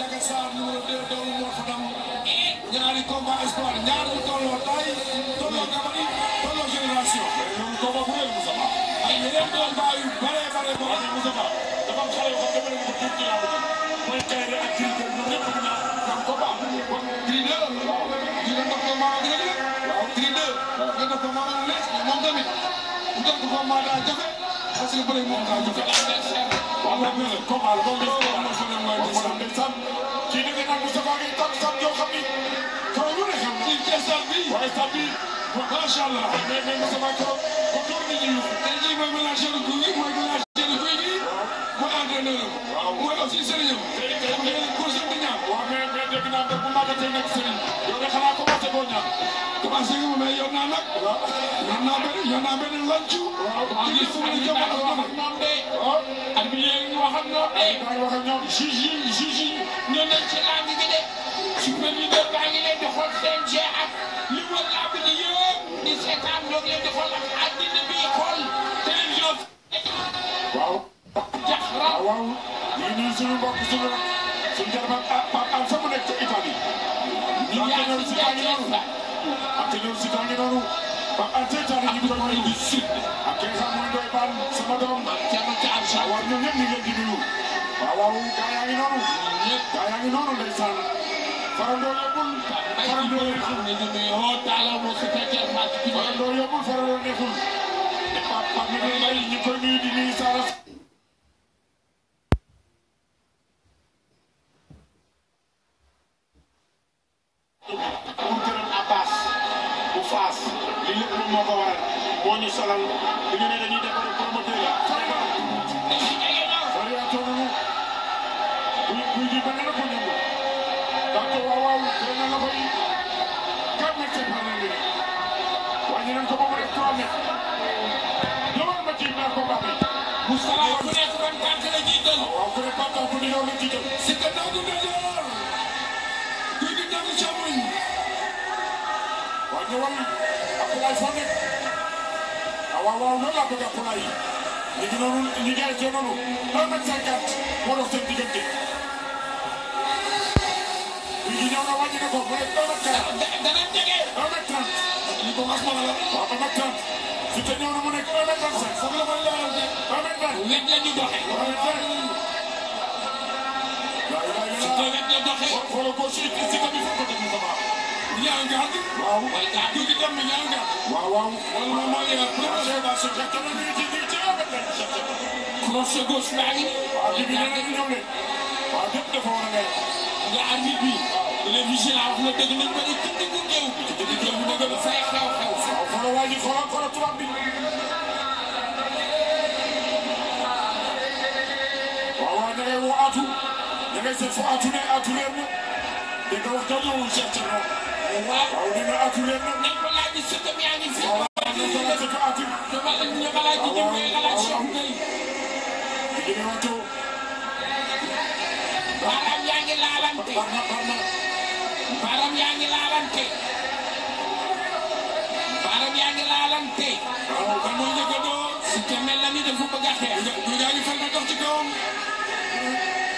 Ndiaga Sarr numéro 2 doomu moo xatam ñaari combat espoir ñaar ñu tolloo taay tolloo gabari tolloo génération. loolu combat bu rëy Moussa Ba. ak yeneen combat yu bare bare boo xam ne Moussa Ba dafa am xale yoo xam ne dafa nekk ci làmb ji mooy Kairé ak Gris 2 ñoom ñëpp ñu naan kon combat kon Gris 2 di nga def combat ak Reug Reug. waaw Gris 2 nga def combat ak Reug Reug moom tamit bu def combat daa jafe. xasee bëri moom daal di ko am na ne comme al boobu ñu ko am na fële mooy des am ndeysaan kii di nga naan Moustapha Gueye tam sam yoo xam ni keroog lu ne xam ci stade bi waaye stade bi macha allah mais mais Moustapha keroog ba toog nit ñi tey jii mooy mélangeur gu gi mooy mélangeur gu gi mooy entraîneur am mooy aussi sëriñam tey tey tey course di ñaan waaw mais mais dégg naa bu màggatee nekk sëriñ yow de xanaa ko koo ñaan. commencé nga mais yor naa nag. waaw yor naa benn yor naa benn lancu. waaw waaw gis nga li nga wax ak ñoom de. waaw ak bi ñu wax ak ñoom de. maa ngi wax ak ñoom juge yi juge yi ñoo nekk ci làmb bi de. superviseur baa ngi leen di xool CNG ak li wër làmb bi yëpp di seetaan ñoo ngi leen di xool ak àddina bi xool télévision. waaw. jax ra waaw. ñu ngi suñu mbokk suñu suñu jarabaa Pape Alpha mu nekk ca Italie. ñoom si kaa ngi noonu ak ñoom si kaa ngi noonu ba Arteta la ñu koy nuyu ak ki nga xam mooy doy baal sama doom Thierno Thiam Sarr waaw ñoom ñëpp ñu ngi leen di nuyu waaw waaw gaa yaa ngi noonu gaa yaa ngi noonu ndeysaan farandoo yóbbul farandoo yóbbul farandoo yóbbul farandoo neexul Pape Pape Mbengue ñu koy nuyu di nuyu Sarr ku nekk ban parti la jiital. waaw ku ne parti bu ne yow la jiital. si que nangu ndeyjoor. guy gi nangu càmmoñ. waaw ñëwal Abdoulaye fa nekk. ah waaw waaw loolu laa bëgg Abdoulaye. léegi noonu ñu jaay cee noonu. 1 mètre 50 moo dox seen diggante. guy gi ñëw na wàññi na ko mu nekk 1 mètre 40. dana jege. 1 mètre 30. ñu ko wax ma la. waaw 1 mètre 30. su te ñëw na mu nekk un mètre vingt cinq. foog nga mën leeral de. un mètre vingt. wet la ñu doxee. un mètre vingt. waaw yow ay yow. wet la doxee. xoolal boo si si ko bi foog nga def mu sama. ñaar gàtt. waaw waaye gàtt gi dem na ñaar gàtt. waaw waaw. loolu moom moo yor. waaw sooy baax sooy baax tamit ñu ngi ci ñu ngi ci un mètre vingt. croche gauche baa ngi. waaw ji bi ñeneen ñi ñoom de. waaw ñëpp dafa war a ngay. nga arbitre bi. waaw le vigilant wax na dëgg nañ ko ci dëggu géew. ci dëggu géew waa ji xoolal xoolal tubaab bi waaw waaw da ngay woo Atou da ngay seet fu Atou ne Atou réer na da nga wax dëgg yow Cheikh Thierno waaw nee na Atou réer na nañ ko laaj si tam yaa ngi fi waaw baram yaa ngi laalante kon yaa ngi laalante. kon mooy njëkk a door. te mel na ni dafa bëgg a xeex. ñu daal di fal nga dox ci kawam.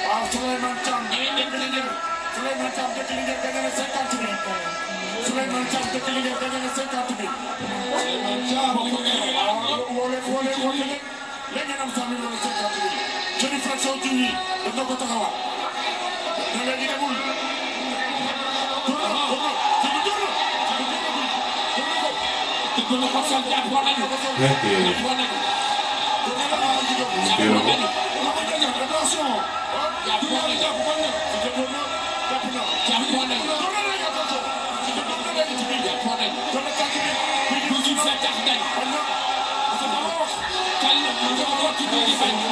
waaw Souleymane Thiam. yéen ñëpp la njëkk. Souleymane Thiam dëkk Linguère da nga ne cinquante mille. Souleymane Thiam dëkk Linguère da nga ne cinquante mille. Souleymane Thiam moom mooy njëkk a door. woo leen woo leen woo leen léegi nag cent mille wala cinquante mille. jënd fraction jiw yi dañ ko taxawal. léegi demul. dina ko sol jàpp ko nañu. jàpp ko nañu. jàpp ko nañu. Thank you.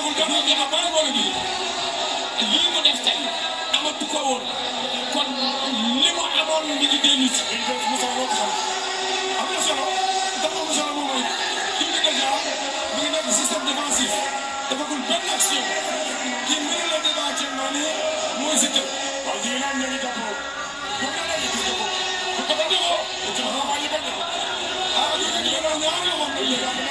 amagul jox la jox bala boole bi lii mu def tey amatu ko woon kon li mu amoon mi ngi dellu si. am na solo dafa am solo moom mooy Doudou Kadiara mi ngi nekk système défensif defagul benn action ki mën la débat actuellement nii mooy si kër. waaw ñu ngi naan ñoo ngi jàppoo ba nga lay gis nga ko bu ko defee woo. ah ñu ngi ñu ngi doon ñaar la woon.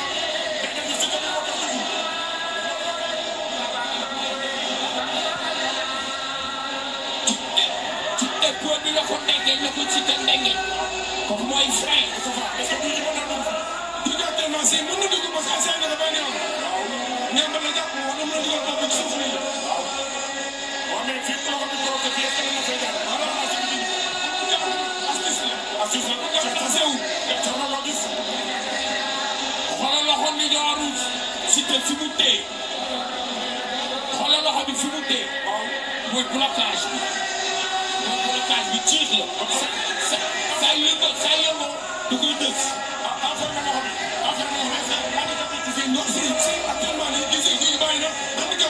ay frein dafa faaw parce que bu ñu defoon dafa faaw du jàpp tellement si mën na dugg parce que ASC dafa bañ a am ñoom la jàpp war na mën a dugal bopp ci suuf bi waaw mais fii ko bi trop que fii kenn na fay jàpp wala maa ci bind jàpp astis la astis la ko jàpp tracé wu def sama la gis xoolal loxo ni jaarul si te fi mu tee xoolal loxo bi fi mu tee mooy blocage bi mooy blocage bi tiir la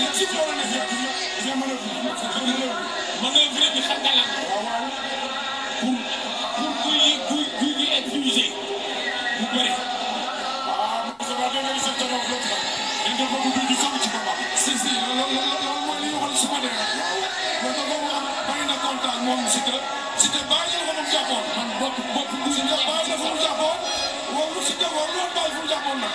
li ci waroon a def j'ai manœuvre manœuvre bi xam nga lan pour pour kuy kuy kuy ñu utiliser bu bëri. waaw monsieur Ba dégg nga monsieur Thiel wax dëgg sax. dañ doon bëgg duñ di sori ci boppam. si si loolu loolu mooy li ñu waxoon suba de rek. parce que boobu bari na kontaan moom si te si te bàyyi la ko moom jàppoon. man bopp bopp bu si te bàyyi la ko mu jàppoon. waaw si te war loolu bàyyi fu mu jàppoon nag.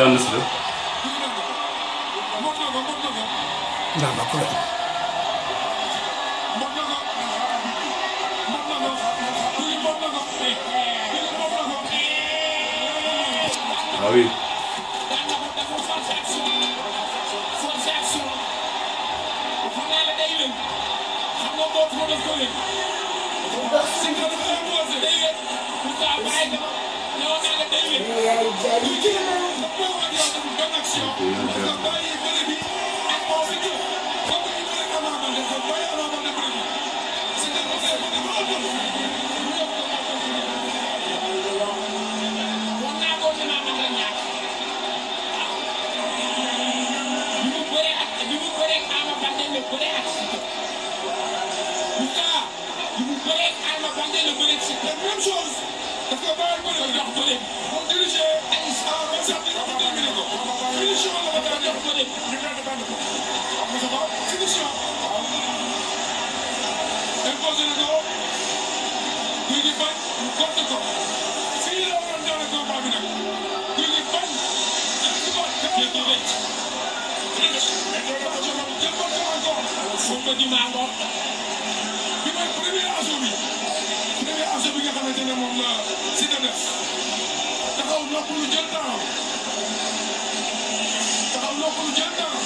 ランドするなんだこれアウィー Même chose Somebody, my lord. You might bring me out of me. projet bi nga xamante ne moom la si da def taxaw noppalu jël temps taxaw noppalu jël temps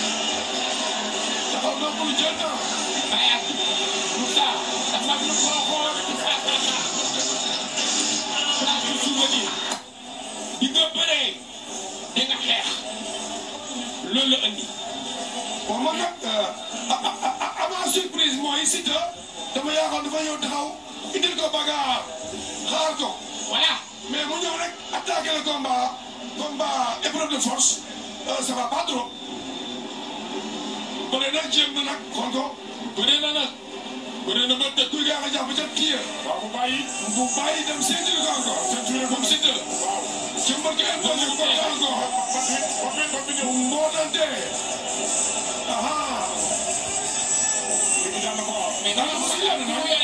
taxaw noppalu jël temps ay at Moussa dafa am lu ko xool place bi suba di nga bëree di nga xeex loolu la andi bon man nag euh, surprise mooy si dama yaakaar dafa ñëw taxaw indil ko bagarre xaar ko. voilà mais mu ñëw rek attaqué le combat combat épreuve de force euh, ça va pas trop. bëri na jéem na nag xool ko bëri na nag bëri na ba dëkk kuy gaaw a jàpp ca kii waaw bu bàyyi bu bàyyi dem seeti ko encore te tuure comme si tëdd. waaw jëmbal ko imposé ko encore. mbootante aha. mais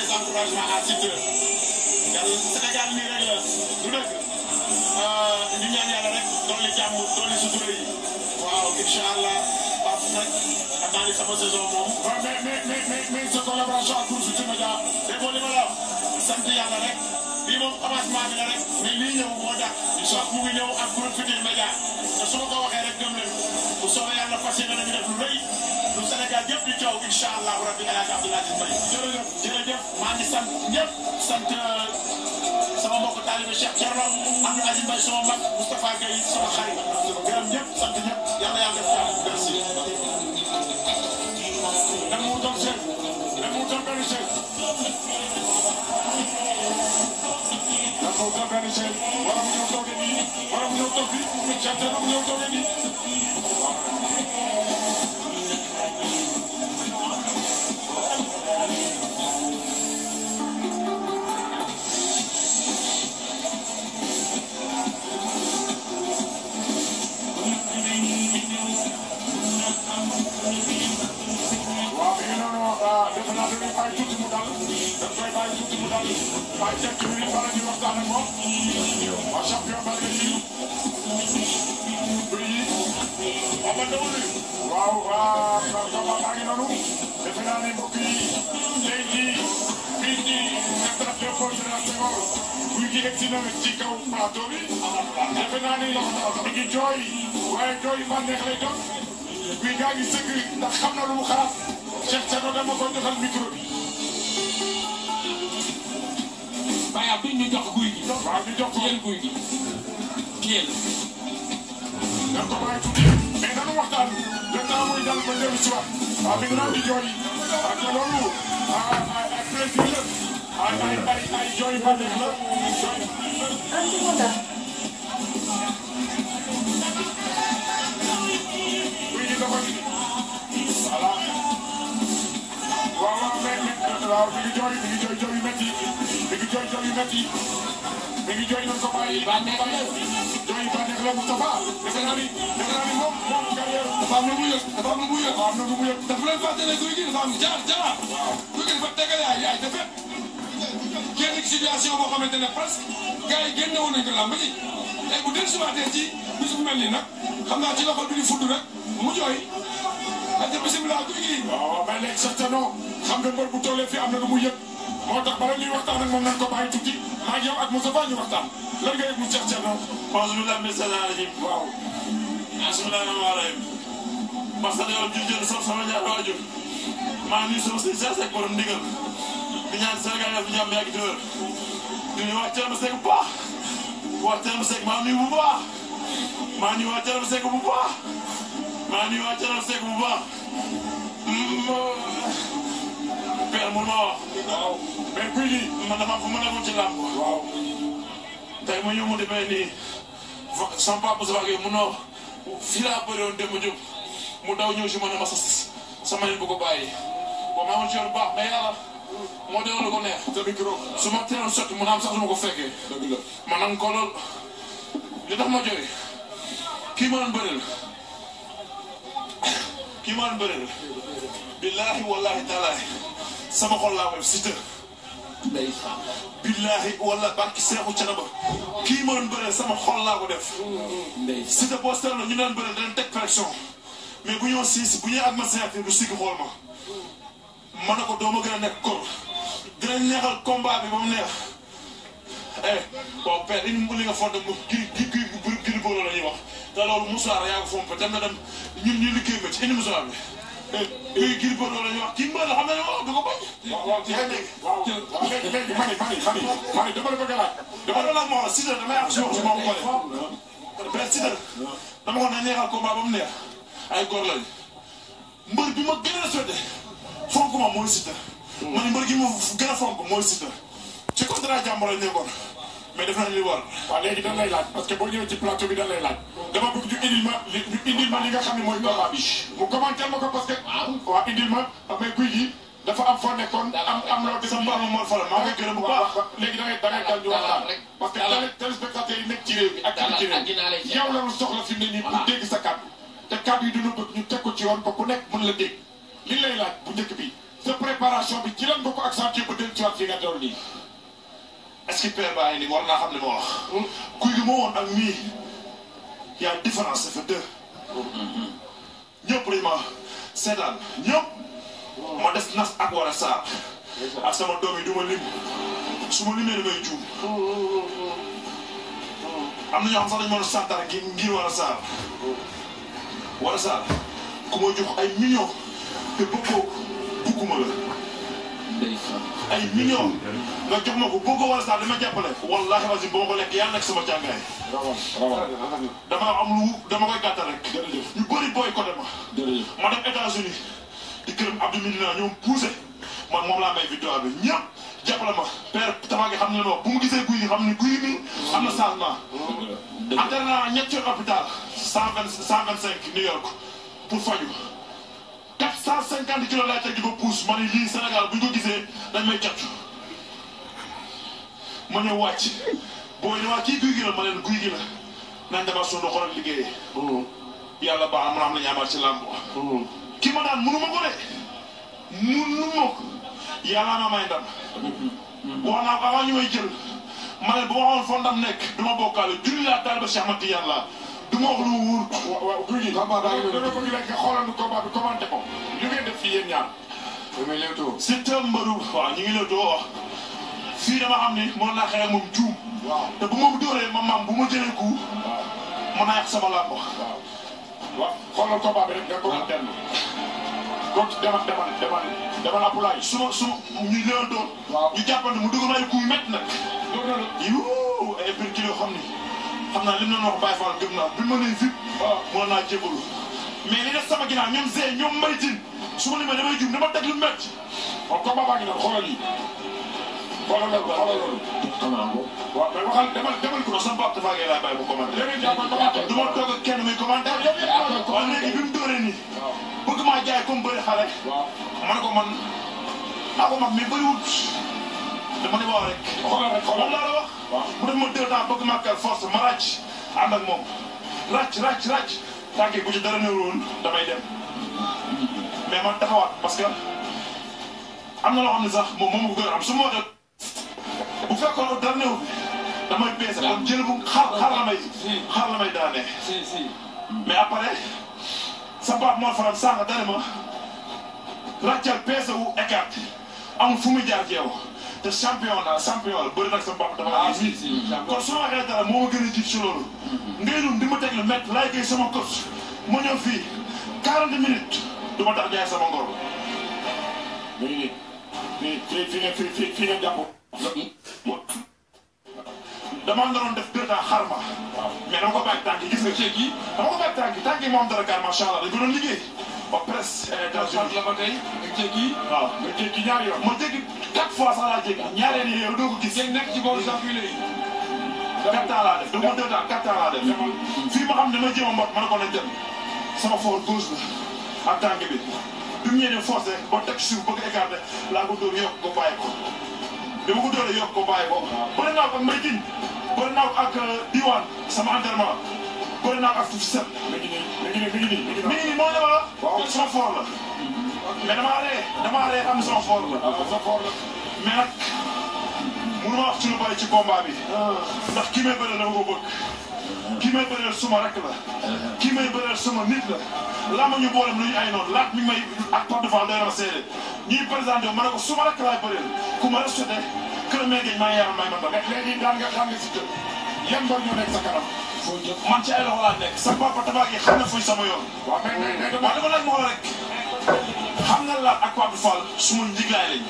les encouragements à Siteu yàlla Sénégal nii rek la du dëgg ñu euh, ñaan yàlla rek dolli jàmm dolli sutura yi waaw incha allah parce que xam naa ni sama saison moom. waaw mais mais mais mais sa collaboration ak Kourou Siteu Média déggoo li ma la sant yàlla rek. lii moom avancement bi la rek mais lii ñëw moo tax sox mu ngi ñëw ak groupe Futurs Médias te su ma ko waxee rek gëm leen bu soobee yàlla fas yéene nañu def lu rëy lu Sénégal yëpp di coow incha allah rabbi El Hadj Abdoul Aziz Mbaye jërëjëf jërëjëf maa ngi sant ñëpp sant sama mbokk taalibe Cheikh Thierno Abdoul Aziz Mbaye sama mag Moustapha Gueye sama xarit gërëm ñëpp sant ñëpp yàlla yàlla def jàmm merci dama mu doon seet dama mu doon benn seet Vai ter que me parar de lançar no mundo. Vai chamar o meu waaw waaw Bargama maa ngi noonu defe naa ne mbokk yi tey jii fii ci stade Léopold Sédar Senghor guy gi egg si na ci kaw plateau bi defe naa ne mi ngi jooy waaye jooy bànneex lay doon guy gaa ngi sëgg ndax xam na lu mu xalaat Cheikh Thiago dama ko joxal micro bi. waaye duñ ñu jox guy gi. waaw ñu jox ko yéen guy gi yéen. na ko bàyyi tuuti mais nanu waxtaan i am you. the carrière Moustapha seen ami seen ami moom moom carrière dafa am lu mu yëg dafa am lu mu yëg dafa am lu mu yëg dafa leen fàttali guy gi dafa am jaar jaar guy gi dafa tegale ay ay defet génn situation boo xamante ne presque gars yi génne woon nañu ko làmb ji tey bu dee subaatee ci bis bu mel nii nag xam naa ci loxo bi di fudd rek mu jooy ak bisimilah guy gi waaw waaw mais léegi certainement xam nga mbër bu tollee fii am na lu mu moo tax bala ñuy waxtaan ak moom nañ ko bàyyi tuuti maa ngi yow ak Moussa Ba ñu waxtaan lan nga yëg mu Cheikh Thierno. alhamdulilah min seytaani rajim. waaw. bismillahi rahmaani rahim. parce que yow jur jënd sama sama ñaar waajur maa ngi sama sëñ Cheikh Seck borom ndigal di ñaan Sénégal yàlla ñu am yàgg di wér di nuyu waa Thierno Seck bu baax waa Thierno Seck maa nuyu bu baax maa nuyu waa Thierno Seck bu baax maa nuyu waa Thierno Sénégal mun ma wax. waaw mais Gouye a doon ci làmb. waaw tey mu demee nii va sama papa Saba Gueye munoo fii laa bëree woon mu daw ñëw si ma ne ma sa sama nit bu ko bàyyi. bon maa ngi ci yoon bu baax mais yàlla moo delloo su ma teeloon sotti mu naam sax du ma ko ma nangu ko li tax ma kii ma doon bëreel kii ma doon bëreel. billaahi wallaahi taalaahi. sama xol laa koy Siteu. ndeysaan billahi wala barki seexu canaba kii ma doon sama xol laa ko def. ndeysaan Siteu boo seetloo ñu doon bëreel danañ teg pression mais bu ñoo siis bu ñuy ak ma signature du sigg xool ma. ma ne ko doomu ma gën a nekk kor dinañ neexal combat bi ba mu neex. eh waaw père in mu li nga fonte mu gi gi gi gi gi la ñuy wax te loolu Moussa yaa ko fomp dem na dem ñun ñu liggéey ba ci indi Moussa bi. léegi Gris Bordeaux la ñuy wax kii mbër la xam na ne moom du ko bañ. waaw waaw ci la dégg. waaw léegi léegi Fane Fane Fane Fane dama la bëgg a laaj. dama la laaj ma Siteu damay am suuf si moom Kole. mais Siteu dama ko ne neexal combat ba mu neex ay góor lañu mbër bi ma gën a sote fonk ma mooy Siteu. Hmm. ma ne mbër gi ma gën a fonk mooy Siteu ci contrat jàmbur lañ nekkoon. mais dafa am li war waaw léegi parce que boo ñëwee ci plateau bi dañ lay laaj dama bëgg indil ma li xam ne mooy combat bi mu commenter ma ko parce que waaw indil ma mais guy gi dafa am foo nekkoon am am loo gis am moo faral maa ngi bu baax léegi da ngay da ngay dal ñu waxtaan parce que téléspectateurs yi nekk ci réew mi ak ci réew yow la ñu soxla fi sa kàddu te ci yoon bu njëkk bi sa préparation bi ci lan nga ko est-ce que père ne moo wax. kuy hmm? gi ak mii y a différence dë. Hmm. ñëpp dañ ma ñëpp hmm. ma des ak war saar ak sama doom yi du ma lim am na ñoo xam sax dañu mën a santar ngir saar war saar ku ma ay millions te bëggoo bugguma la. ay millions nga jox ma ko boo ko war a sax dama jàppale. wallaahi wasi bu ma ko lekk yàlla nekk sama càngaay. dama am lu dama koy gàttal rek. ñu bëri boycotté ma. ma dem États-Unis di këram Abdou a ñoom poussé man moom laa may vidéo bi ñëpp jàppale ma père Tafaage xam ne ma bu mu gisee guy yi xam ne guy bi am na changement. dëgg la entraîné naa ñetti hôpital cent vingt cent vingt cinq New York pour faju cent cinquante kilos laa teg di ma ne lii Sénégal bu ñu gisee dañ may jàpp ma ñëw wàcc booy ne waa kii guy gi ma leen guy gi la naan damaa sonn xool ak liggéeyee. Mm-hmm. yàlla baax am na am nañu amaat ci làmb. Mm-hmm. ki ma daan mënu ma ko de mënu ma may ndam. Mm-hmm. wax naa ko avant ñu ma ne bu ma waxoon foo ndam nekk du ma bokkaale julli laa taal ba Cheikh Mati yàlla. du ma wax lu mu wóor. waaw waaw guy gi. combat ñu ngi lewtoo wax. fii dama xam ni mën naa xeex moom juum. waaw te bu ma dóoree ma maam bu ma jëlee ku. waaw mën sama làmb. waaw xoolal combat bi rek nga ko dem. donc demal demal demal demal apulaay su ma su ñu lewtoo. waaw ñu mu dugg ay kuy métti nag. dëgg la yow xam ni. xam naa li mu doon wax Baye Fall gëm naa bi ma nee zip. waaw ah, mën naa jébalu. mais li def sama ginnaaw ñoom Zé ñoom Maytin su ma limee damay jum dama teg lu métti. waaw comme Baba ngi nag xoolal yi. xoolal loolu xoolal loolu. xanaa ko. waaw mais waxal demal demal ko. non sama bopp dafaa ngay laaj bàyyi mu commandé. léegi jàpp na dama toog du ma toog ak kenn muy commandé. waaw léegi bi mu dooree nii. bëgg maa jaay comme bëri xale. waaw man ko man. ah ko mag mais bëriwul. dama ni waaw rek. xoolal damay dem mais man taxawaat parce que am na loo xam ne sax moom moom ko am su ma waxee bu fekkoon dara néew damay peese kon jël bu xaar xaar la may daane. si si sa baab moo faram sànq dara ma ràccal peese wu écart amul fu jaar ci te champion la champion la bëri nag sa bopp dafa la. si si kon su ma waxee dara moo a mm-hmm. sama coach ma ñëw fii 40 minutes du ma tax jaay sama ngor. mu ngi nii fii fii fii fii fii nga def deux temps xarma. mais dama ko bàyyi tànk gis nga ceeb yi dama ko bàyyi tànk tànk yi moo am dara gaar macha allah dañ ko liggéey. ba presse. Eh, la ba tey nga jéggi. waaw nga jéggi ñaari yoon. ma jéggi quatre fois sax laa jéggi. ñaareel yi yow doo ko gis. nekk ci boobu sax laa def du ma deux ans ma xam ne ma jéem a mbot ma ne ko nañ dem sama for gauche la ak tànk bi bi mu ñëwee forcé ba teg suuf bëgg écarté laa ko dóor yokk ko bàyyi ko. bi ko dóoree yokk ko bàyyi ko. bëri naa ko ak Mbaye Tine bëri naa ko ak euh, diwaan sama entraînement. boole naa ko ak tuuti sax. mi ngi nii mi ngi nii mi ngi nii. mi ngi nii moo ne ma. waaw kon sama fort la. mais damaa ree damaa ree am sama fort la. waaw sama la. mais nag mënu ma wax ci lu bari ci combat bi. Ah. ndax ki may bëre dafa ko may bëreel suma la ki may bëreel suma ma ñu ak na ma ne ko suma rek laay bëreel ku ma ne si man ci ay loxo laa nekk sa papa tabax yi xam na fuy sama yoon. waaw mais mais dama laaj moo rek xam nga laat ak Pape Fall suma njiglaay lañ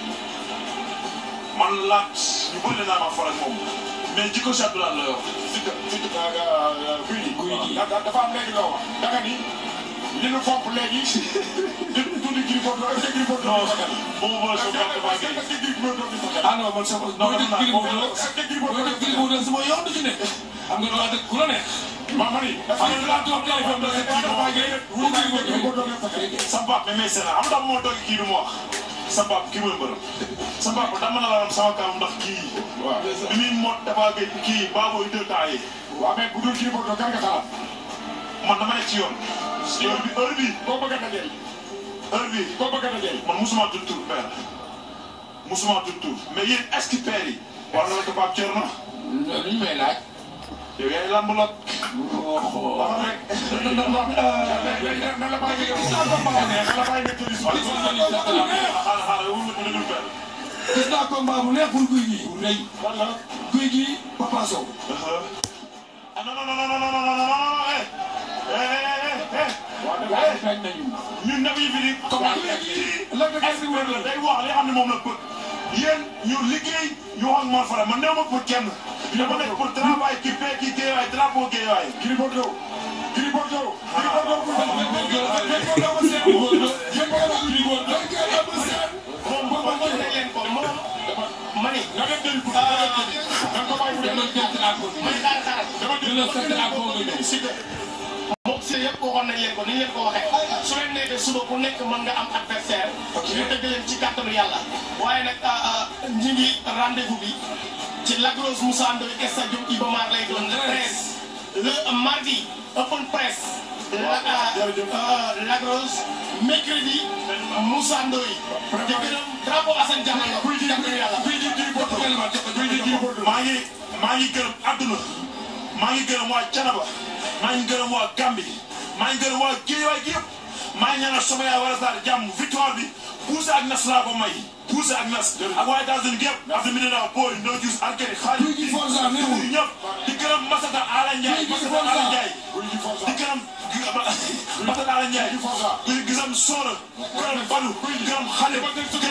man laat ñu bëri naa ma faral ak moom mais jikko si àdduna la yor. surtout surtout guy gi guy gi dafa am léegi loo wax danga ni li nu fomp léegi tuuti kii foofu la est-ce que kii foofu la. non boobu mooy suuf daal damaa kii. ah non man sama non non non boobu la. boobu la sama yoon du ci nekk. am nga doon ànd ak ku la neex. maa ma nii. dafa am laa toog jaay fam dafa kii dafa gën wuti ko kii ko doon fa kii. sa baab mais c'est am ndax moo doon kii du ma wax sa baab kii mooy mbërëm sa baab dama na la ram sama kaam ndax kii. waaw bi muy mot dafa gën kii baaboo deux temps yi. waaw mais bu dul kii boo doon kan nga xalaat. man dama nekk ci yoon. yoon bi heure bi boo bëgg a dajeel. heure bi boo bëgg a dajeel. man musuma tudd tur père musuma tudd tur mais yéen est-ce que père yi. war na la ko Pape Thierno. loolu ñu may laaj. da ngay lamb lot. wax rek. na la bàyyi nga gis naa combat bu neex na la bàyyi nga tudd soxla. gis naa combat bu neex pour guy gii. rëy guy gii Papa Sow. ah non non non non non non non eh. eh eh eh. ñun nabi bi di. comment la day wax li xam ne moom la bëgg. yéen ñu liggéey ñu wax Mor Fara man néew ma pour kenn. Rămâne cu trava echipei Ghideai, drabu Ghideai. Gribordou, Gribordou, Gribordou, boxe yëpp waxoon nañ leen ko ni leen ko waxee su leen nekkee suba ku nekk mën nga am adversaire ñu dëgg leen ci kàttanu yàlla waaye nag ñi ngi rendez-vous bi ci Lac Rose Moussa Ndoye stade Iba Mar lay doon le treize le mardi open press euh, euh, Lac Rose mercredi Moussa Ndoye di gërëm drapeau Assane Diakhaté buy di buy di buy di buy maa ngi maa ngi gërëm adduna maa ngi gërëm waa Canaba maa ngi gërëm waa Gambi maa gi yëpp maa ngi war a saar jàmm victoire bi Boussa ak Nasra may Guusa ak Nas ak waa États-Unis yëpp mi ne naa boori noo gis alkali xaalis bi ñëpp di gërëm Masata Ala Ndiaye Masata Ala Ndiaye di gërëm Masata Ala Ndiaye di gërëm Soora gërëm Badu gërëm Xale